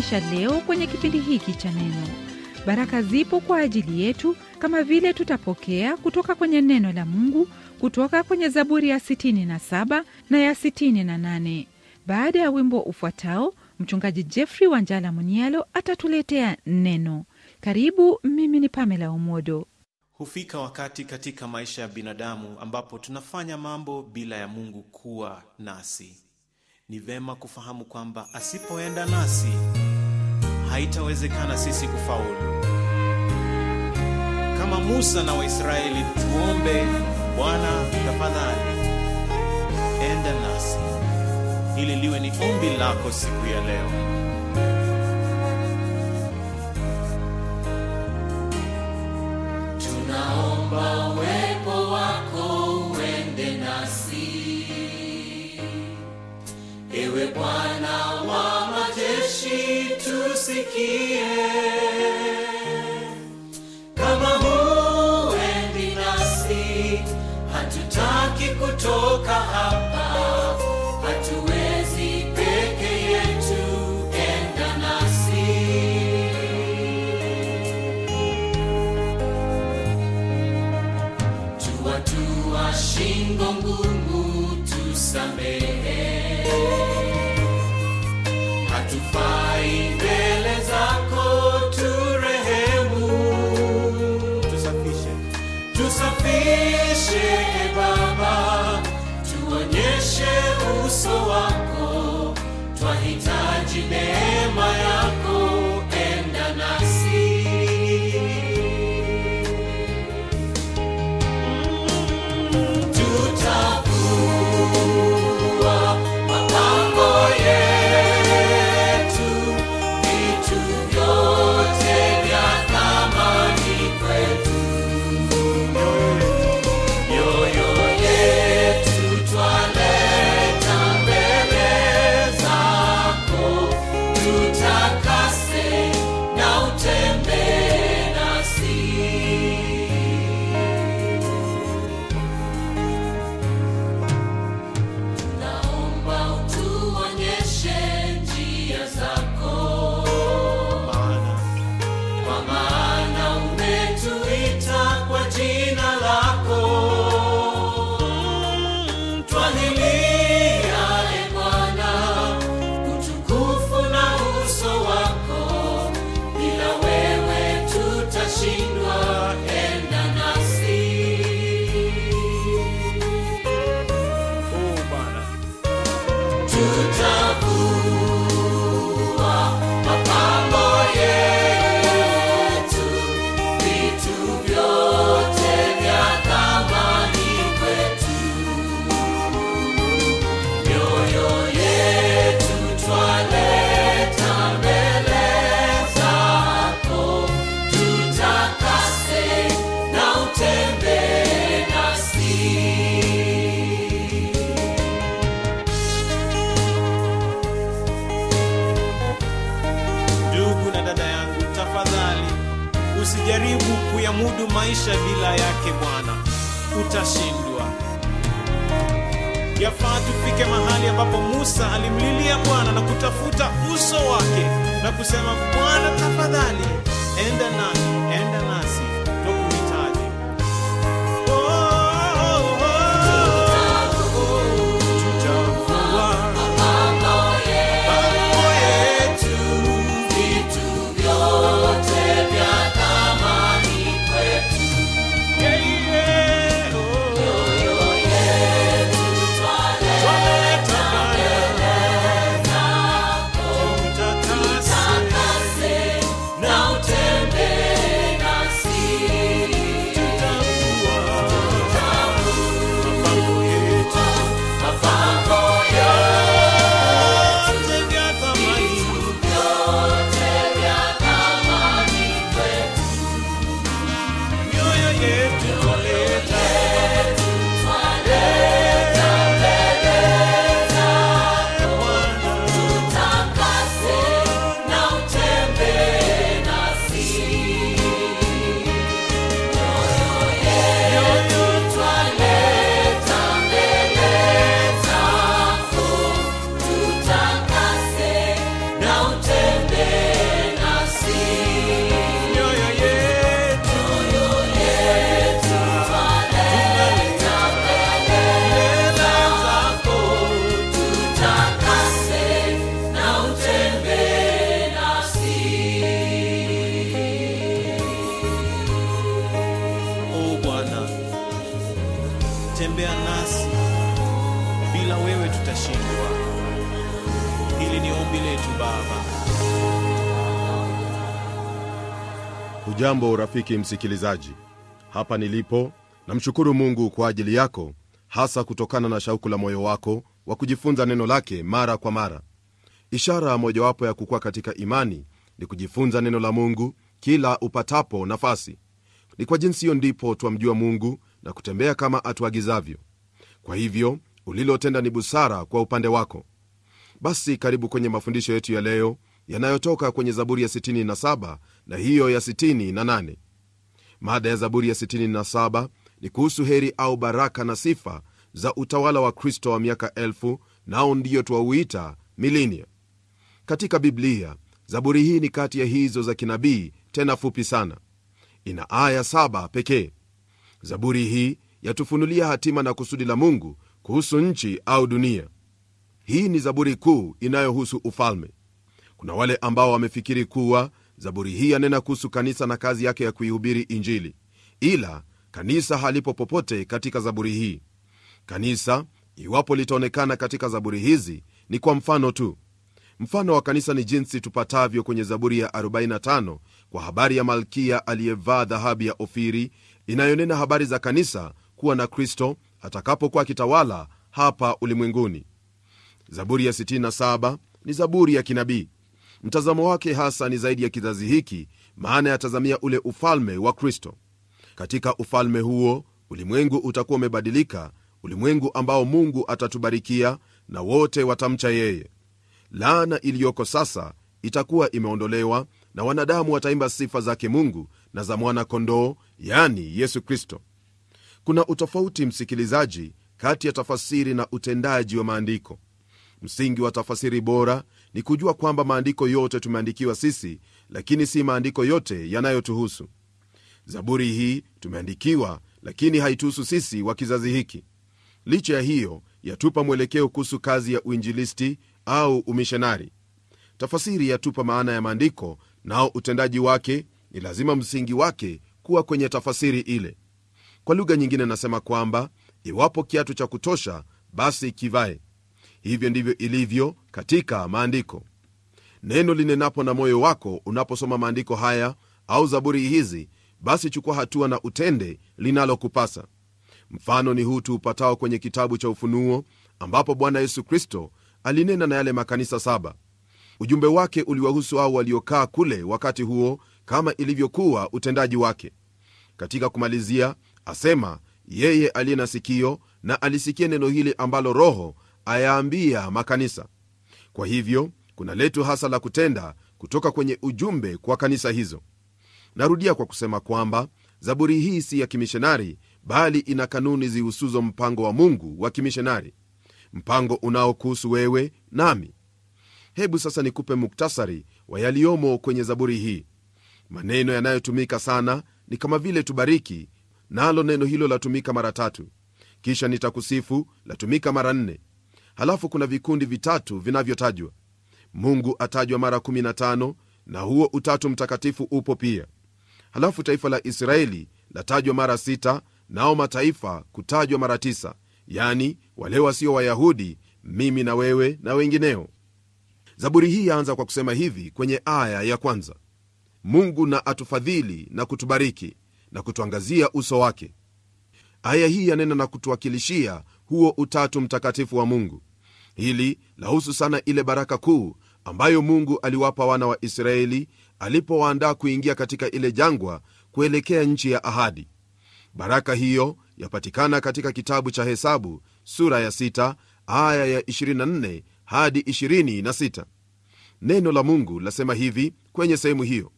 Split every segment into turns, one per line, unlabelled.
tunakukaribisha leo kwenye kipindi hiki cha neno. Baraka zipo kwa ajili yetu kama vile tutapokea kutoka kwenye neno la Mungu kutoka kwenye Zaburi ya 67 na ya 68 baada ya wimbo ufuatao. Mchungaji Jeffrey Wanjala munialo atatuletea neno. Karibu. Mimi ni Pamela Umodo.
Hufika wakati katika maisha ya binadamu ambapo tunafanya mambo bila ya Mungu kuwa nasi. Ni vema kufahamu kwamba asipoenda nasi haitawezekana sisi kufaulu. Kama Musa na Waisraeli, tuombe Bwana, tafadhali enda nasi. ili liwe ni ombi lako siku ya leo.
kutoka so I ukijaribu kuyamudu maisha bila yake Bwana utashindwa. Yafaa tufike mahali ambapo Musa alimlilia Bwana na kutafuta uso wake na kusema, Bwana tafadhali, enda nani
hujambo rafiki msikilizaji hapa nilipo namshukuru mungu kwa ajili yako hasa kutokana na shauku la moyo wako wa kujifunza neno lake mara kwa mara ishara mojawapo ya kukua katika imani ni kujifunza neno la mungu kila upatapo nafasi ni kwa jinsi hiyo ndipo twamjua mungu na kutembea kama atuagizavyo kwa hivyo ulilotenda ni busara kwa upande wako basi karibu kwenye mafundisho yetu ya leo yanayotoka kwenye zaburi ya 67 na hiyo ya 68. Mada ya Zaburi ya 67 ni kuhusu heri au baraka na sifa za utawala wa Kristo wa miaka elfu, nao ndiyo twauita milinia katika Biblia. Zaburi hii ni kati ya hizo za kinabii, tena fupi sana, ina aya saba pekee. Zaburi hii yatufunulia hatima na kusudi la Mungu kuhusu nchi au dunia. Hii ni zaburi kuu inayohusu ufalme. Kuna wale ambao wamefikiri kuwa Zaburi hii yanena kuhusu kanisa na kazi yake ya kuihubiri Injili, ila kanisa halipo popote katika zaburi hii. Kanisa iwapo litaonekana katika zaburi hizi ni kwa mfano tu. Mfano wa kanisa ni jinsi tupatavyo kwenye Zaburi ya 45 kwa habari ya malkia aliyevaa dhahabu ya Ofiri inayonena habari za kanisa kuwa na Kristo atakapokuwa akitawala hapa ulimwenguni. Zaburi ya 67 ni zaburi ya kinabii Mtazamo wake hasa ni zaidi ya kizazi hiki, maana yatazamia ule ufalme wa Kristo. Katika ufalme huo ulimwengu utakuwa umebadilika, ulimwengu ambao Mungu atatubarikia na wote watamcha yeye. Laana iliyoko sasa itakuwa imeondolewa na wanadamu wataimba sifa zake Mungu na za mwana-kondoo, yani Yesu Kristo. Kuna utofauti, msikilizaji, kati ya tafasiri na utendaji wa maandiko. Msingi wa tafasiri bora ni kujua kwamba maandiko yote tumeandikiwa sisi, lakini si maandiko yote yanayotuhusu. Zaburi hii tumeandikiwa, lakini haituhusu sisi wa kizazi hiki. Licha ya hiyo, yatupa mwelekeo kuhusu kazi ya uinjilisti au umishonari. Tafasiri yatupa maana ya maandiko, nao utendaji wake ni lazima msingi wake kuwa kwenye tafasiri ile. Kwa lugha nyingine, nasema kwamba iwapo kiatu cha kutosha, basi kivae. Hivyo ndivyo ilivyo katika maandiko. Neno linenapo na moyo wako, unaposoma maandiko haya au zaburi hizi, basi chukua hatua na utende linalokupasa. Mfano ni huu tuupatao kwenye kitabu cha Ufunuo, ambapo Bwana Yesu Kristo alinena na yale makanisa saba. Ujumbe wake uliwahusu au waliokaa kule wakati huo, kama ilivyokuwa utendaji wake. Katika kumalizia, asema yeye aliye na sikio na alisikie neno hili ambalo Roho ayaambia makanisa. Kwa hivyo kuna letu hasa la kutenda kutoka kwenye ujumbe kwa kanisa hizo. Narudia kwa kusema kwamba zaburi hii si ya kimishonari, bali ina kanuni zihusuzo mpango wa Mungu wa kimishonari, mpango unaokuhusu wewe nami. Hebu sasa nikupe muktasari wa yaliyomo kwenye zaburi hii. Maneno yanayotumika sana ni kama vile tubariki, nalo neno hilo latumika mara tatu, kisha nitakusifu latumika mara nne, halafu kuna vikundi vitatu vinavyotajwa mungu atajwa mara 15 na huo utatu mtakatifu upo pia halafu taifa la israeli latajwa mara 6 nao mataifa kutajwa mara 9 yani wale wasio wayahudi mimi na wewe na wengineo zaburi hii yaanza kwa kusema hivi kwenye aya ya kwanza mungu na atufadhili na kutubariki na kutuangazia uso wake aya hii yanena na kutuwakilishia huo utatu mtakatifu wa mungu Hili lahusu sana ile baraka kuu ambayo Mungu aliwapa wana wa Israeli alipowaandaa kuingia katika ile jangwa kuelekea nchi ya ahadi. Baraka hiyo yapatikana katika kitabu cha Hesabu sura ya 6 aya ya 24 hadi 26. Neno la Mungu lasema hivi kwenye sehemu hiyo: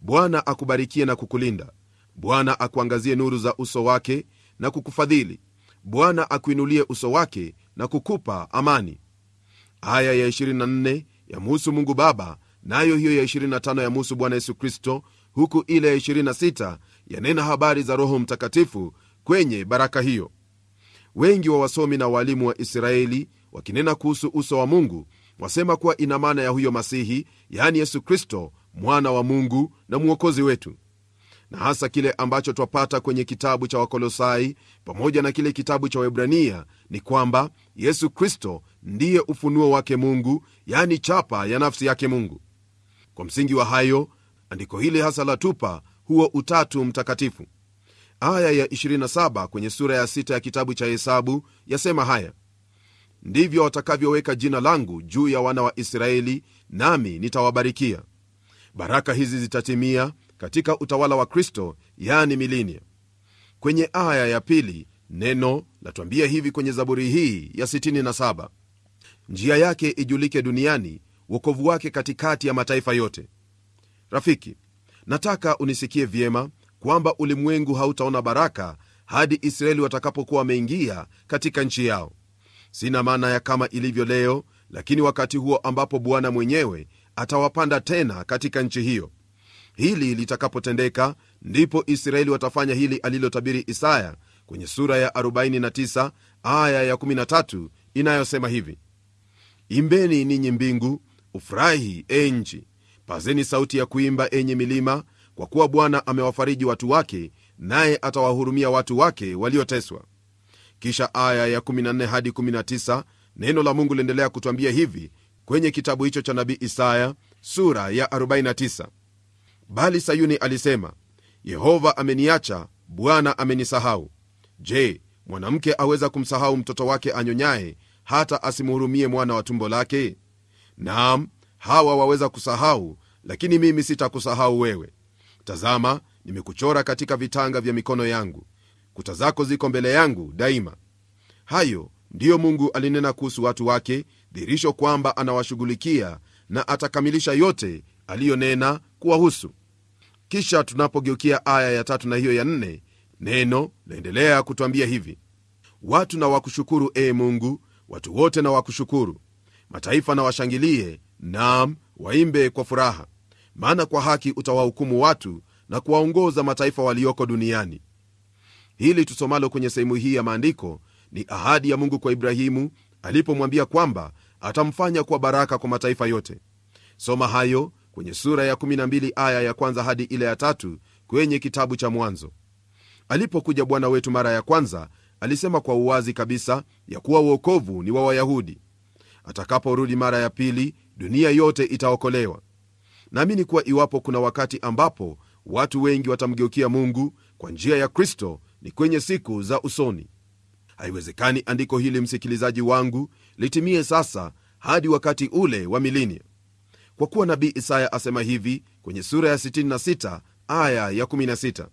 Bwana akubarikie na kukulinda, Bwana akuangazie nuru za uso wake na kukufadhili, Bwana akuinulie uso wake na kukupa amani aya ya 24 yamuhusu mungu baba nayo na hiyo ya 25 yamuhusu bwana yesu kristo huku ile ya 26 yanena habari za roho mtakatifu kwenye baraka hiyo wengi wa wasomi na waalimu wa israeli wakinena kuhusu uso wa mungu wasema kuwa ina maana ya huyo masihi yaani yesu kristo mwana wa mungu na mwokozi wetu na hasa kile ambacho twapata kwenye kitabu cha Wakolosai pamoja na kile kitabu cha webrania ni kwamba Yesu Kristo ndiye ufunuo wake Mungu, yani chapa ya nafsi yake Mungu. Kwa msingi wa hayo, andiko hili hasa latupa huo utatu mtakatifu. Aya ya 27 kwenye sura ya 6 ya kitabu cha Hesabu yasema haya: ndivyo watakavyoweka jina langu juu ya wana wa Israeli, nami nitawabarikia. Baraka hizi zitatimia katika utawala wa kristo yani milini. kwenye aya ya pili neno latwambia hivi kwenye zaburi hii ya 67 njia yake ijulike duniani wokovu wake katikati ya mataifa yote rafiki nataka unisikie vyema kwamba ulimwengu hautaona baraka hadi israeli watakapokuwa wameingia katika nchi yao sina maana ya kama ilivyo leo lakini wakati huo ambapo bwana mwenyewe atawapanda tena katika nchi hiyo hili litakapotendeka ndipo israeli watafanya hili alilotabiri isaya kwenye sura ya 49 aya ya 13 inayosema hivi imbeni ninyi mbingu ufurahi enji pazeni sauti ya kuimba enye milima kwa kuwa bwana amewafariji watu wake naye atawahurumia watu wake walioteswa kisha aya ya 14 hadi 19 neno la mungu liendelea kutwambia hivi kwenye kitabu hicho cha nabii isaya sura ya 49 bali Sayuni alisema, Yehova ameniacha, Bwana amenisahau. Je, mwanamke aweza kumsahau mtoto wake anyonyaye, hata asimhurumie mwana wa tumbo lake? nam hawa waweza kusahau, lakini mimi sitakusahau wewe. Tazama, nimekuchora katika vitanga vya mikono yangu, kuta zako ziko mbele yangu daima. Hayo ndiyo Mungu alinena kuhusu watu wake, dhihirisho kwamba anawashughulikia na atakamilisha yote aliyonena kuwahusu kisha tunapogeukia aya ya tatu na hiyo ya nne neno laendelea kutwambia hivi watu na wakushukuru e mungu watu wote na wakushukuru mataifa na washangilie nam waimbe kwa furaha maana kwa haki utawahukumu watu na kuwaongoza mataifa walioko duniani hili tusomalo kwenye sehemu hii ya maandiko ni ahadi ya mungu kwa ibrahimu alipomwambia kwamba atamfanya kuwa baraka kwa mataifa yote soma hayo kwenye sura ya 12 aya ya kwanza hadi ile ya tatu kwenye kitabu cha Mwanzo. Alipokuja Bwana wetu mara ya kwanza, alisema kwa uwazi kabisa ya kuwa uokovu ni wa Wayahudi. Atakaporudi mara ya pili, dunia yote itaokolewa. Naamini kuwa iwapo kuna wakati ambapo watu wengi watamgeukia Mungu kwa njia ya Kristo ni kwenye siku za usoni. Haiwezekani andiko hili, msikilizaji wangu, litimie sasa hadi wakati ule wa milenia kwa kuwa nabii isaya asema hivi kwenye sura ya 66 aya ya 16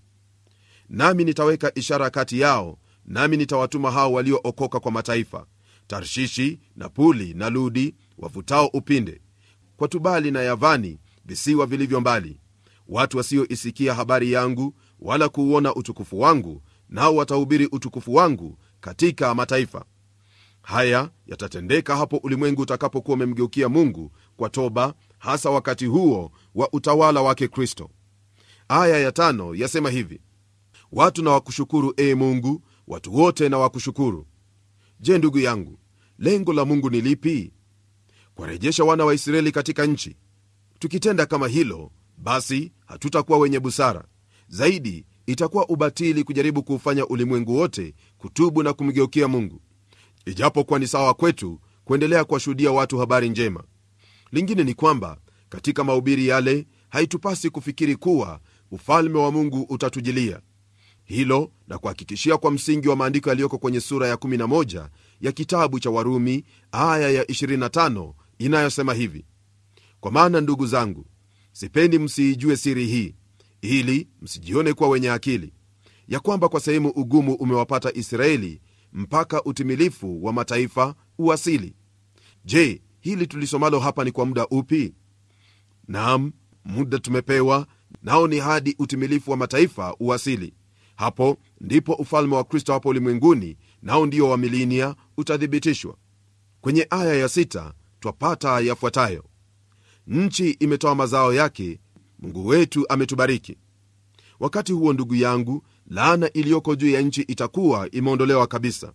nami nitaweka ishara kati yao nami nitawatuma hao waliookoka kwa mataifa tarshishi na puli na ludi wavutao upinde kwa tubali na yavani visiwa vilivyo mbali watu wasioisikia habari yangu wala kuuona utukufu wangu nao watahubiri utukufu wangu katika mataifa haya yatatendeka hapo ulimwengu utakapokuwa umemgeukia mungu kwa toba hasa wakati huo wa utawala wake Kristo. Aya ya tano yasema hivi: watu na wakushukuru ee Mungu, watu wote na wakushukuru. Je, ndugu yangu, lengo la Mungu ni lipi? Kuwarejesha wana wa Israeli katika nchi. Tukitenda kama hilo, basi hatutakuwa wenye busara zaidi. Itakuwa ubatili kujaribu kuufanya ulimwengu wote kutubu na kumgeukia Mungu, ijapokuwa ni sawa kwetu kuendelea kuwashuhudia watu habari njema. Lingine ni kwamba katika mahubiri yale haitupasi kufikiri kuwa ufalme wa Mungu utatujilia hilo na kuhakikishia kwa msingi wa maandiko yaliyoko kwenye sura ya 11 ya kitabu cha Warumi aya ya 25 inayosema hivi: kwa maana ndugu zangu, sipendi msiijue siri hii, ili msijione kuwa wenye akili, ya kwamba kwa sehemu ugumu umewapata Israeli mpaka utimilifu wa mataifa uwasili. Je, hili tulisomalo hapa ni kwa muda upi? nam muda tumepewa nao ni hadi utimilifu wa mataifa uwasili. Hapo ndipo ufalme wa Kristo hapo ulimwenguni, nao ndio wa milinia utathibitishwa. Kwenye aya ya sita twapata yafuatayo: nchi imetoa mazao yake, Mungu wetu ametubariki. Wakati huo, ndugu yangu, laana iliyoko juu ya nchi itakuwa imeondolewa kabisa.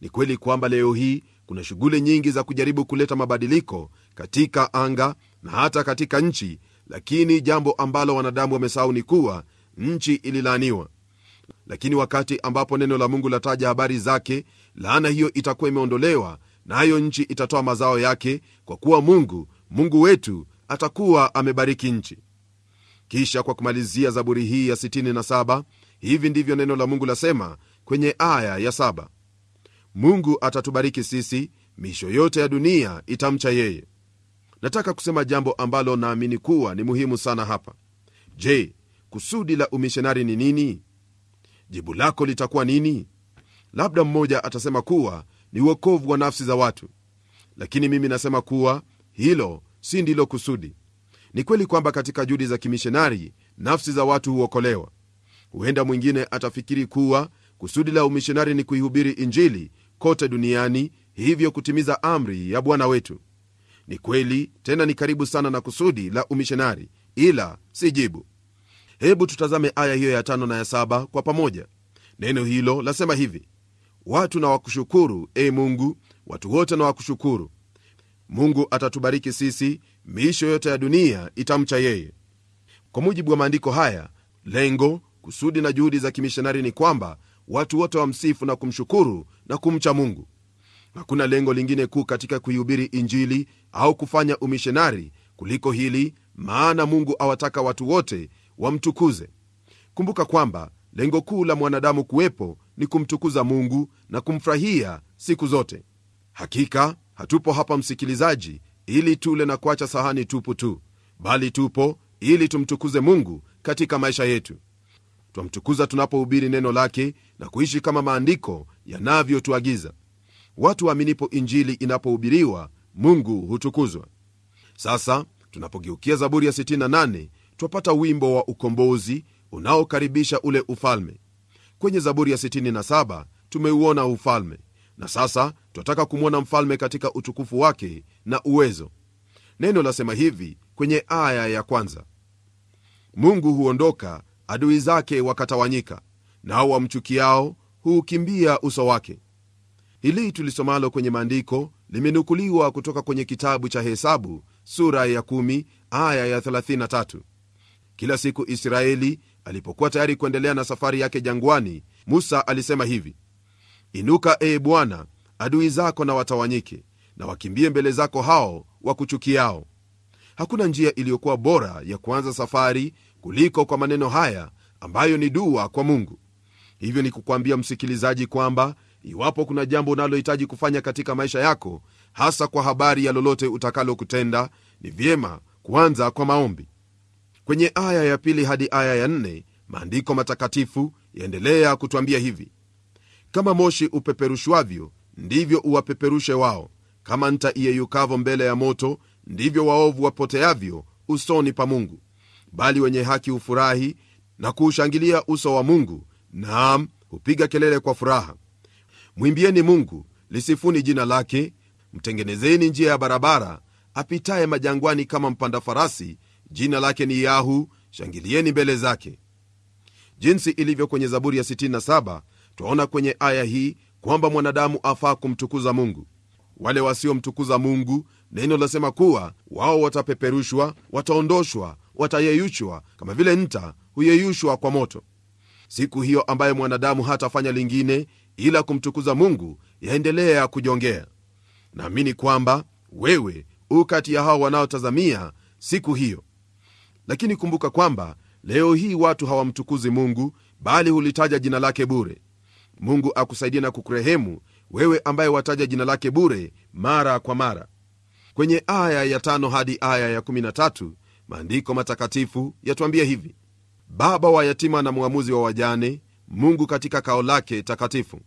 Ni kweli kwamba leo hii kuna shughuli nyingi za kujaribu kuleta mabadiliko katika anga na hata katika nchi lakini jambo ambalo wanadamu wamesahau ni kuwa nchi ililaaniwa lakini wakati ambapo neno la mungu lataja habari zake laana hiyo itakuwa imeondolewa nayo na nchi itatoa mazao yake kwa kuwa mungu mungu wetu atakuwa amebariki nchi kisha kwa kumalizia zaburi hii ya 67 hivi ndivyo neno la mungu lasema kwenye aya ya 7 mungu atatubariki sisi misho yote ya dunia itamcha yeye nataka kusema jambo ambalo naamini kuwa ni muhimu sana hapa je kusudi la umishonari ni nini jibu lako litakuwa nini labda mmoja atasema kuwa ni uokovu wa nafsi za watu lakini mimi nasema kuwa hilo si ndilo kusudi ni kweli kwamba katika juhudi za kimishonari nafsi za watu huokolewa huenda mwingine atafikiri kuwa kusudi la umishonari ni kuihubiri injili kote duniani, hivyo kutimiza amri ya Bwana wetu. Ni kweli tena ni karibu sana na kusudi la umishonari, ila si jibu. Hebu tutazame aya hiyo ya tano na ya saba kwa pamoja. Neno hilo lasema hivi: watu na wakushukuru, e Mungu, watu wote na wakushukuru. Mungu atatubariki sisi, miisho yote ya dunia itamcha yeye. Kwa mujibu wa maandiko haya, lengo, kusudi na juhudi za kimishonari ni kwamba watu wote wamsifu na kumshukuru na kumcha Mungu. Hakuna lengo lingine kuu katika kuihubiri Injili au kufanya umishonari kuliko hili, maana Mungu awataka watu wote wamtukuze. Kumbuka kwamba lengo kuu la mwanadamu kuwepo ni kumtukuza Mungu na kumfurahia siku zote. Hakika hatupo hapa, msikilizaji, ili tule na kuacha sahani tupu tu, bali tupo ili tumtukuze Mungu katika maisha yetu twamtukuza tunapohubiri neno lake na kuishi kama maandiko yanavyotuagiza. Watu waaminipo Injili inapohubiriwa, Mungu hutukuzwa. Sasa tunapogeukia Zaburi ya 68 twapata wimbo wa ukombozi unaokaribisha ule ufalme. Kwenye Zaburi ya 67 tumeuona ufalme, na sasa twataka kumwona mfalme katika utukufu wake na uwezo. Neno lasema hivi kwenye aya ya kwanza: Mungu huondoka adui zake wakatawanyika, nao wamchukiao huukimbia uso wake. Hili tulisomalo kwenye maandiko limenukuliwa kutoka kwenye kitabu cha Hesabu sura ya kumi ya Kila siku Israeli alipokuwa tayari kuendelea na safari yake jangwani, Musa alisema hivi: Inuka, ee Bwana, adui zako na watawanyike, na wakimbie mbele zako hao wakuchukiao. Hakuna njia iliyokuwa bora ya kuanza safari kuliko kwa maneno haya ambayo ni dua kwa Mungu. Hivyo ni kukwambia msikilizaji kwamba iwapo kuna jambo unalohitaji kufanya katika maisha yako, hasa kwa habari ya lolote utakalokutenda, ni vyema kuanza kwa maombi. Kwenye aya ya pili hadi aya ya nne maandiko matakatifu yaendelea kutwambia hivi: kama moshi upeperushwavyo, ndivyo uwapeperushe wao; kama nta iyeyukavo mbele ya moto, ndivyo waovu wapoteavyo usoni pa Mungu bali wenye haki hufurahi na kuushangilia uso wa Mungu, nam hupiga kelele kwa furaha. Mwimbieni Mungu, lisifuni jina lake, mtengenezeni njia ya barabara, apitaye majangwani kama mpanda farasi. Jina lake ni Yahu, shangilieni mbele zake. Jinsi ilivyo kwenye Zaburi ya 67 twaona kwenye aya hii kwamba mwanadamu afaa kumtukuza Mungu. Wale wasiomtukuza Mungu, neno lasema kuwa wao watapeperushwa, wataondoshwa, watayeyushwa kama vile nta huyeyushwa kwa moto. Siku hiyo ambayo mwanadamu hatafanya lingine ila kumtukuza Mungu yaendelea kujongea. Naamini kwamba wewe u kati ya hao wanaotazamia siku hiyo, lakini kumbuka kwamba leo hii watu hawamtukuzi Mungu bali hulitaja jina lake bure. Mungu akusaidie na kukurehemu wewe ambaye wataja jina lake bure mara kwa mara. Kwenye aya ya tano hadi aya ya kumi na tatu Maandiko matakatifu yatuambia hivi: Baba wa yatima na mwamuzi wa wajane, Mungu katika kao lake takatifu.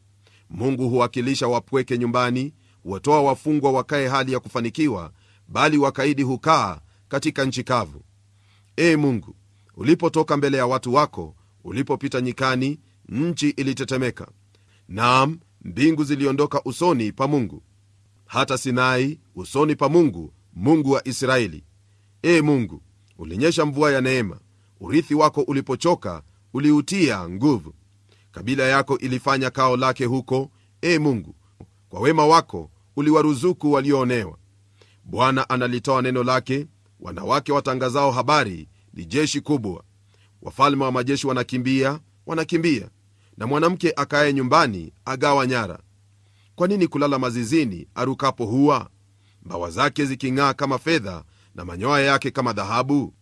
Mungu huwakilisha wapweke nyumbani, watoa wafungwa wakae hali ya kufanikiwa, bali wakaidi hukaa katika nchi kavu. Ee Mungu, ulipotoka mbele ya watu wako, ulipopita nyikani, nchi ilitetemeka, nam mbingu ziliondoka usoni pa Mungu, hata Sinai usoni pa Mungu, Mungu wa Israeli. Ee Mungu, ulinyesha mvua ya neema. Urithi wako ulipochoka, uliutia nguvu. Kabila yako ilifanya kao lake huko, e Mungu, kwa wema wako uliwaruzuku walioonewa. Bwana analitoa neno lake, wanawake watangazao habari ni jeshi kubwa. Wafalme wa majeshi wanakimbia, wanakimbia, na mwanamke akaye nyumbani agawa nyara. Kwa nini kulala mazizini arukapo hua? Mbawa zake ziking'aa kama fedha, na manyoya yake kama dhahabu?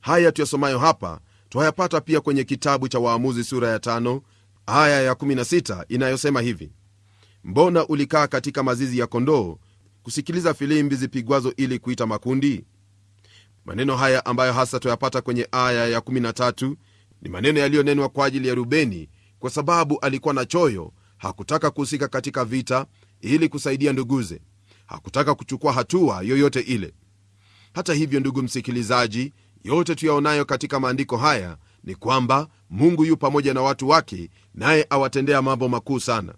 Haya tuyasomayo hapa twayapata pia kwenye kitabu cha Waamuzi sura ya tano aya ya 16 inayosema hivi: mbona ulikaa katika mazizi ya kondoo kusikiliza filimbi zipigwazo ili kuita makundi? Maneno haya ambayo hasa twayapata kwenye aya ya 13 ni maneno yaliyonenwa kwa ajili ya Rubeni, kwa sababu alikuwa na choyo, hakutaka kuhusika katika vita ili kusaidia nduguze, hakutaka kuchukua hatua yoyote ile. Hata hivyo, ndugu msikilizaji, yote tuyaonayo katika maandiko haya ni kwamba Mungu yu pamoja na watu wake, naye awatendea mambo makuu sana.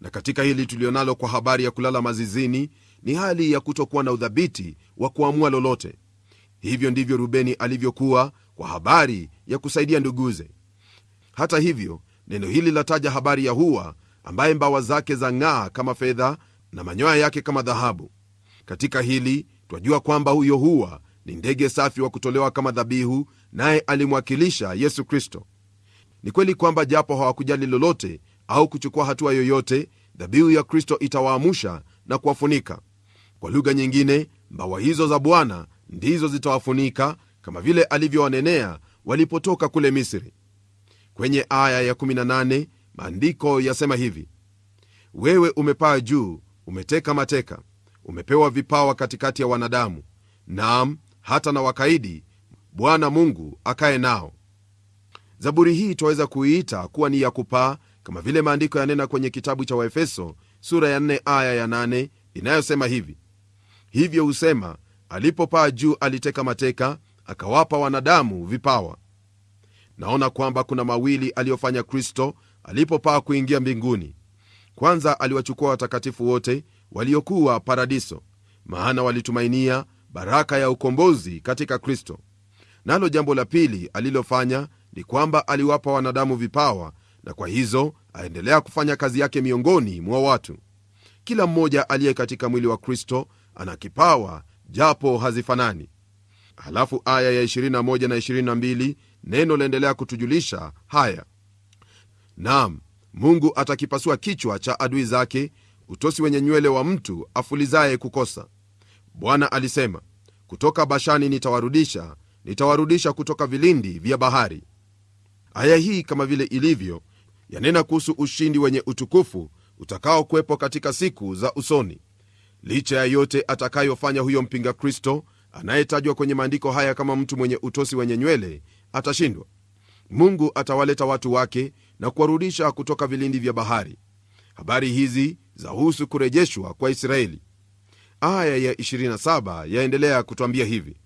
Na katika hili tulionalo kwa habari ya kulala mazizini, ni hali ya kutokuwa na udhabiti wa kuamua lolote. Hivyo ndivyo Rubeni alivyokuwa kwa habari ya kusaidia nduguze. Hata hivyo, neno hili lataja habari ya Hua ambaye mbawa zake za ng'aa kama fedha na manyoya yake kama dhahabu. Katika hili twajua kwamba huyo huwa ni ndege safi wa kutolewa kama dhabihu, naye alimwakilisha Yesu Kristo. Ni kweli kwamba japo hawakujali lolote au kuchukua hatua yoyote, dhabihu ya Kristo itawaamusha na kuwafunika. Kwa lugha nyingine, mbawa hizo za Bwana ndizo zitawafunika kama vile alivyowanenea walipotoka kule Misri. Kwenye aya ya 18 maandiko yasema hivi: wewe umepaa juu, umeteka mateka, umepewa vipawa katikati ya wanadamu, naam, hata na wakaidi, Bwana Mungu akaye nao. Zaburi hii twaweza kuiita kuwa ni ya kupaa, kama vile maandiko yanena kwenye kitabu cha Waefeso sura ya 4 aya ya 8 inayosema hivi: hivyo husema, alipopaa juu aliteka mateka, akawapa wanadamu vipawa. Naona kwamba kuna mawili aliyofanya Kristo alipopaa kuingia mbinguni. Kwanza, aliwachukua watakatifu wote waliokuwa paradiso, maana walitumainia baraka ya ukombozi katika Kristo. Nalo jambo la pili alilofanya ni kwamba aliwapa wanadamu vipawa, na kwa hizo aendelea kufanya kazi yake miongoni mwa watu. Kila mmoja aliye katika mwili wa Kristo ana kipawa, japo hazifanani. Halafu aya ya 21 na 22, neno laendelea kutujulisha haya: naam, Mungu atakipasua kichwa cha adui zake utosi wenye nywele wa mtu afulizaye kukosa. Bwana alisema, kutoka Bashani nitawarudisha, nitawarudisha kutoka vilindi vya bahari. Aya hii kama vile ilivyo yanena kuhusu ushindi wenye utukufu utakaokwepo katika siku za usoni. Licha ya yote atakayofanya huyo mpinga Kristo anayetajwa kwenye maandiko haya kama mtu mwenye utosi wenye nywele, atashindwa. Mungu atawaleta watu wake na kuwarudisha kutoka vilindi vya bahari. Habari hizi zahusu kurejeshwa kwa Israeli. Aya ya 27 yaendelea kutwambia hivi: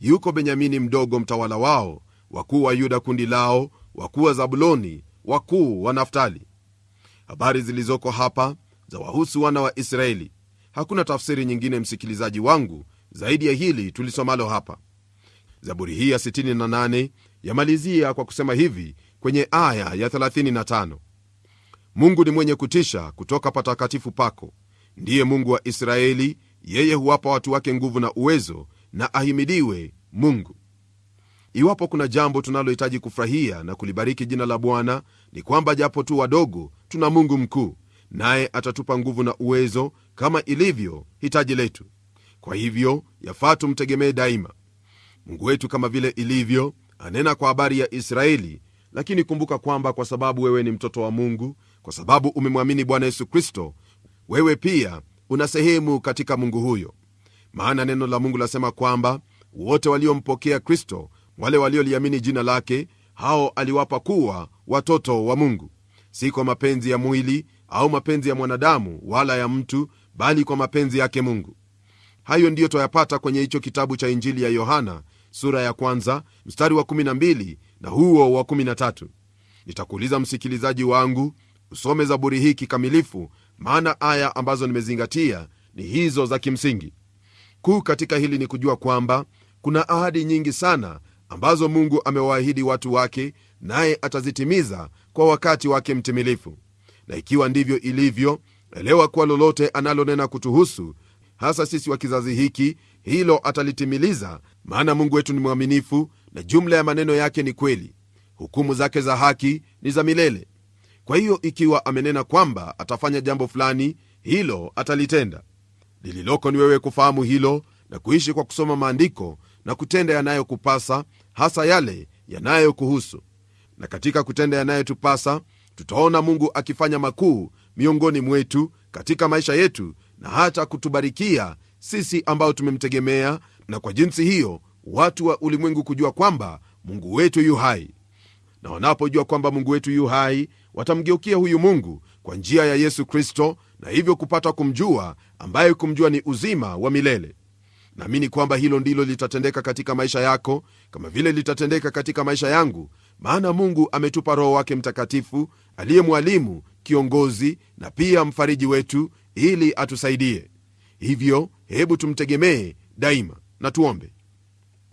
yuko Benyamini mdogo mtawala wao, wakuu wa Yuda kundi lao, wakuu wa Zabuloni, wakuu wa Naftali. Habari zilizoko hapa za wahusu wana wa Israeli. Hakuna tafsiri nyingine, msikilizaji wangu, zaidi ya hili tulisomalo hapa. Zaburi hii ya 68 yamalizia kwa kusema hivi kwenye aya ya 35 Mungu ni mwenye kutisha kutoka patakatifu pako. Ndiye Mungu wa Israeli, yeye huwapa watu wake nguvu na uwezo, na ahimidiwe Mungu. Iwapo kuna jambo tunalohitaji kufurahia na kulibariki jina la Bwana ni kwamba japo tu wadogo, tuna Mungu mkuu, naye atatupa nguvu na uwezo kama ilivyo hitaji letu. Kwa hivyo yafaa tumtegemee daima Mungu wetu kama vile ilivyo anena kwa habari ya Israeli. Lakini kumbuka kwamba kwa sababu wewe ni mtoto wa Mungu, kwa sababu umemwamini Bwana Yesu Kristo, wewe pia una sehemu katika Mungu huyo. Maana neno la Mungu lasema kwamba wote waliompokea Kristo, wale walioliamini jina lake, hao aliwapa kuwa watoto wa Mungu, si kwa mapenzi ya mwili au mapenzi ya mwanadamu wala ya mtu, bali kwa mapenzi yake Mungu. Hayo ndiyo twayapata kwenye hicho kitabu cha Injili ya Yohana sura ya kwanza mstari wa 12 na huo wa 13. Nitakuuliza msikilizaji wangu, usome Zaburi hii kikamilifu, maana aya ambazo nimezingatia ni hizo za kimsingi. Kuu katika hili ni kujua kwamba kuna ahadi nyingi sana ambazo Mungu amewaahidi watu wake, naye atazitimiza kwa wakati wake mtimilifu. Na ikiwa ndivyo ilivyo, elewa kuwa lolote analonena kutuhusu, hasa sisi wa kizazi hiki, hilo atalitimiliza, maana Mungu wetu ni mwaminifu na jumla ya maneno yake ni kweli. Hukumu zake za haki ni za milele, kwa hiyo ikiwa amenena kwamba atafanya jambo fulani, hilo atalitenda. Lililoko ni wewe kufahamu hilo na kuishi kwa kusoma maandiko na kutenda yanayokupasa, hasa yale yanayokuhusu. Na katika kutenda yanayotupasa, tutaona Mungu akifanya makuu miongoni mwetu katika maisha yetu, na hata kutubarikia sisi ambao tumemtegemea, na kwa jinsi hiyo watu wa ulimwengu kujua kwamba Mungu wetu yu hai. Na wanapojua kwamba Mungu wetu yu hai watamgeukia huyu Mungu kwa njia ya Yesu Kristo na hivyo kupata kumjua, ambaye kumjua ni uzima wa milele. Naamini kwamba hilo ndilo litatendeka katika maisha yako kama vile litatendeka katika maisha yangu, maana Mungu ametupa Roho wake Mtakatifu aliye mwalimu, kiongozi na pia mfariji wetu, ili atusaidie. Hivyo hebu tumtegemee daima na tuombe.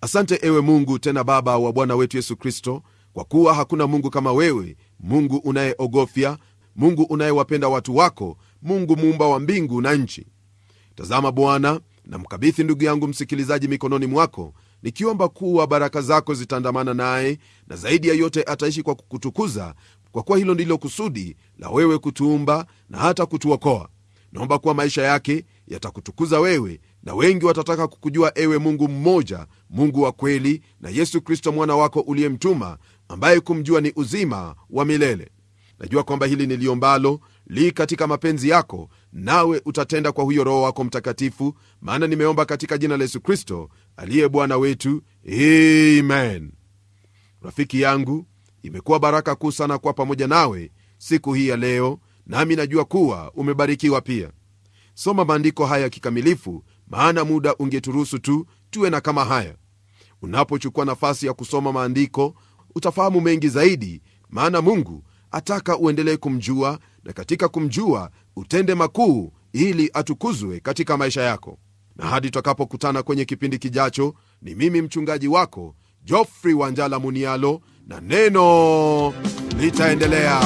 Asante ewe Mungu, tena Baba wa Bwana wetu Yesu Kristo, kwa kuwa hakuna Mungu kama wewe Mungu unayeogofya, Mungu unayewapenda watu wako, Mungu muumba wa mbingu na nchi. Tazama Bwana, mkabithi ndugu yangu msikilizaji mikononi mwako, nikiomba kuwa baraka zako zitaandamana naye, na zaidi ya yote ataishi kwa kukutukuza, kwa kuwa hilo ndilo kusudi la wewe kutuumba na hata kutuokoa. Naomba kuwa maisha yake yatakutukuza wewe, na wengi watataka kukujua, ewe Mungu mmoja, Mungu wa kweli, na Yesu Kristo mwana wako uliyemtuma, ambaye kumjua ni uzima wa milele. Najua kwamba hili niliombalo li katika mapenzi yako, nawe utatenda kwa huyo Roho wako Mtakatifu, maana nimeomba katika jina la Yesu Kristo aliye Bwana wetu, men Rafiki yangu, imekuwa baraka kuu sana kuwa pamoja nawe siku hii ya leo, nami najua kuwa umebarikiwa pia. Soma maandiko haya kikamilifu, maana muda ungeturuhusu tu tuwe na kama haya. Unapochukua nafasi ya kusoma maandiko utafahamu mengi zaidi, maana Mungu ataka uendelee kumjua, na katika kumjua utende makuu, ili atukuzwe katika maisha yako. Na hadi tutakapokutana kwenye kipindi kijacho, ni mimi mchungaji wako Geoffrey Wanjala Munialo, na neno litaendelea.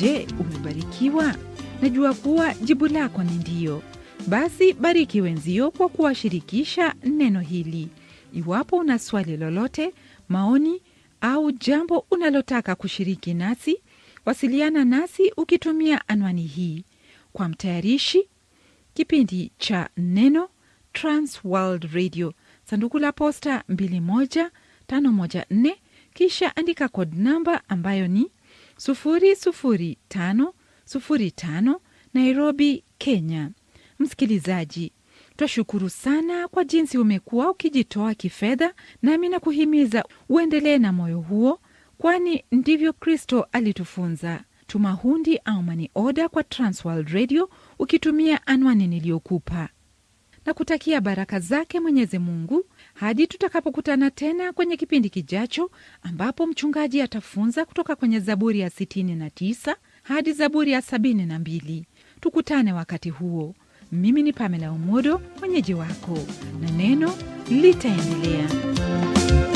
Je, umebarikiwa? Najua kuwa jibu lako ni ndiyo. Basi bariki wenzio kwa kuwashirikisha neno hili. Iwapo una swali lolote, maoni au jambo unalotaka kushiriki nasi, wasiliana nasi ukitumia anwani hii. Kwa mtayarishi kipindi cha Neno, transworld Radio, sanduku la posta 21514, kisha andika kod namba ambayo ni 00505 Nairobi, Kenya. Msikilizaji, twashukuru sana kwa jinsi umekuwa ukijitoa kifedha, nami na kuhimiza uendelee na moyo huo, kwani ndivyo Kristo alitufunza. Tuma hundi au mani oda kwa Transworld Radio ukitumia anwani niliyokupa, na kutakia baraka zake Mwenyezi Mungu hadi tutakapokutana tena kwenye kipindi kijacho, ambapo mchungaji atafunza kutoka kwenye Zaburi ya 69 hadi Zaburi ya 72. Tukutane wakati huo. Mimi ni Pamela Umodo, mwenyeji wako, na neno litaendelea.